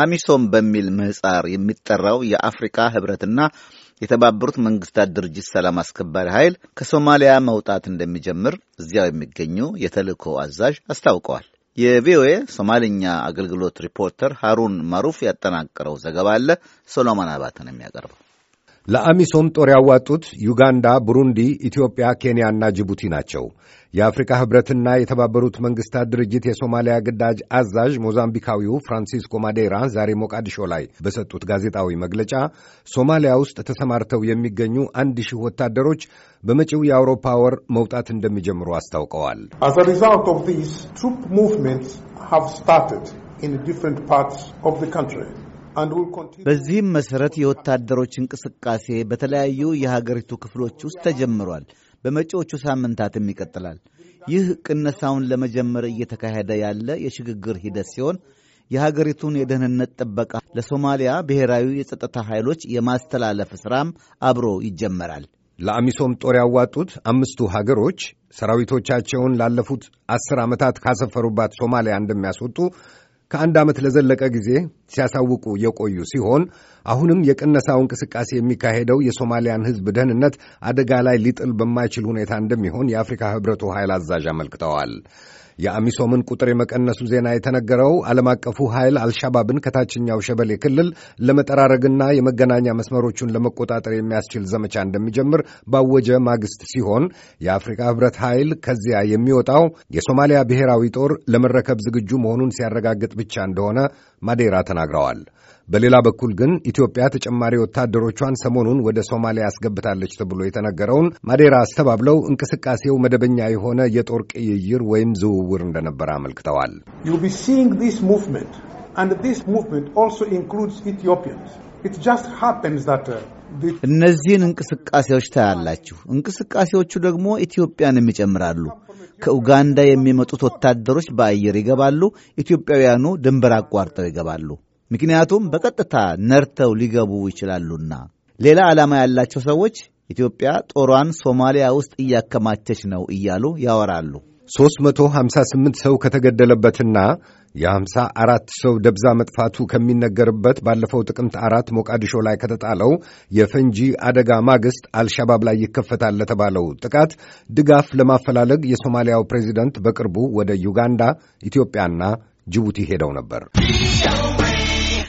አሚሶም በሚል ምህጻር የሚጠራው የአፍሪካ ህብረትና የተባበሩት መንግስታት ድርጅት ሰላም አስከባሪ ኃይል ከሶማሊያ መውጣት እንደሚጀምር እዚያው የሚገኙ የተልእኮ አዛዥ አስታውቀዋል። የቪኦኤ ሶማልኛ አገልግሎት ሪፖርተር ሃሩን ማሩፍ ያጠናቀረው ዘገባ አለ። ሶሎሞን አባተ ነው የሚያቀርበው። ለአሚሶም ጦር ያዋጡት ዩጋንዳ፣ ቡሩንዲ፣ ኢትዮጵያ፣ ኬንያና ጅቡቲ ናቸው። የአፍሪካ ኅብረትና የተባበሩት መንግሥታት ድርጅት የሶማሊያ ግዳጅ አዛዥ ሞዛምቢካዊው ፍራንሲስኮ ማዴራ ዛሬ ሞቃዲሾ ላይ በሰጡት ጋዜጣዊ መግለጫ ሶማሊያ ውስጥ ተሰማርተው የሚገኙ አንድ ሺህ ወታደሮች በመጪው የአውሮፓ ወር መውጣት እንደሚጀምሩ አስታውቀዋል። ሪዛልት ትሩፕ ሙቭመንትስ ሃቭ ስታርትድ ኢን ዲፍረንት ፓርትስ ኦፍ ዘ ካንትሪ በዚህም መሠረት የወታደሮች እንቅስቃሴ በተለያዩ የሀገሪቱ ክፍሎች ውስጥ ተጀምሯል። በመጪዎቹ ሳምንታትም ይቀጥላል። ይህ ቅነሳውን ለመጀመር እየተካሄደ ያለ የሽግግር ሂደት ሲሆን የሀገሪቱን የደህንነት ጥበቃ ለሶማሊያ ብሔራዊ የጸጥታ ኃይሎች የማስተላለፍ ሥራም አብሮ ይጀመራል። ለአሚሶም ጦር ያዋጡት አምስቱ ሀገሮች ሰራዊቶቻቸውን ላለፉት አስር ዓመታት ካሰፈሩባት ሶማሊያ እንደሚያስወጡ ከአንድ ዓመት ለዘለቀ ጊዜ ሲያሳውቁ የቆዩ ሲሆን አሁንም የቅነሳው እንቅስቃሴ የሚካሄደው የሶማሊያን ሕዝብ ደህንነት አደጋ ላይ ሊጥል በማይችል ሁኔታ እንደሚሆን የአፍሪካ ሕብረቱ ኃይል አዛዥ አመልክተዋል። የአሚሶምን ቁጥር የመቀነሱ ዜና የተነገረው ዓለም አቀፉ ኃይል አልሻባብን ከታችኛው ሸበሌ ክልል ለመጠራረግና የመገናኛ መስመሮቹን ለመቆጣጠር የሚያስችል ዘመቻ እንደሚጀምር ባወጀ ማግስት ሲሆን የአፍሪካ ህብረት ኃይል ከዚያ የሚወጣው የሶማሊያ ብሔራዊ ጦር ለመረከብ ዝግጁ መሆኑን ሲያረጋግጥ ብቻ እንደሆነ ማዴራ ተናግረዋል። በሌላ በኩል ግን ኢትዮጵያ ተጨማሪ ወታደሮቿን ሰሞኑን ወደ ሶማሊያ ያስገብታለች ተብሎ የተነገረውን ማዴራ አስተባብለው እንቅስቃሴው መደበኛ የሆነ የጦር ቅይይር ወይም ዝውውር እንደነበረ አመልክተዋል። uh, እነዚህን እንቅስቃሴዎች ታያላችሁ። እንቅስቃሴዎቹ ደግሞ ኢትዮጵያንም ይጨምራሉ። ከኡጋንዳ የሚመጡት ወታደሮች በአየር ይገባሉ። ኢትዮጵያውያኑ ድንበር አቋርጠው ይገባሉ። ምክንያቱም በቀጥታ ነርተው ሊገቡ ይችላሉና። ሌላ ዓላማ ያላቸው ሰዎች ኢትዮጵያ ጦሯን ሶማሊያ ውስጥ እያከማቸች ነው እያሉ ያወራሉ። 358 ሰው ከተገደለበትና የ54 ሰው ደብዛ መጥፋቱ ከሚነገርበት ባለፈው ጥቅምት አራት ሞቃዲሾ ላይ ከተጣለው የፈንጂ አደጋ ማግስት አልሻባብ ላይ ይከፈታል ለተባለው ጥቃት ድጋፍ ለማፈላለግ የሶማሊያው ፕሬዚደንት በቅርቡ ወደ ዩጋንዳ፣ ኢትዮጵያና ጅቡቲ ሄደው ነበር።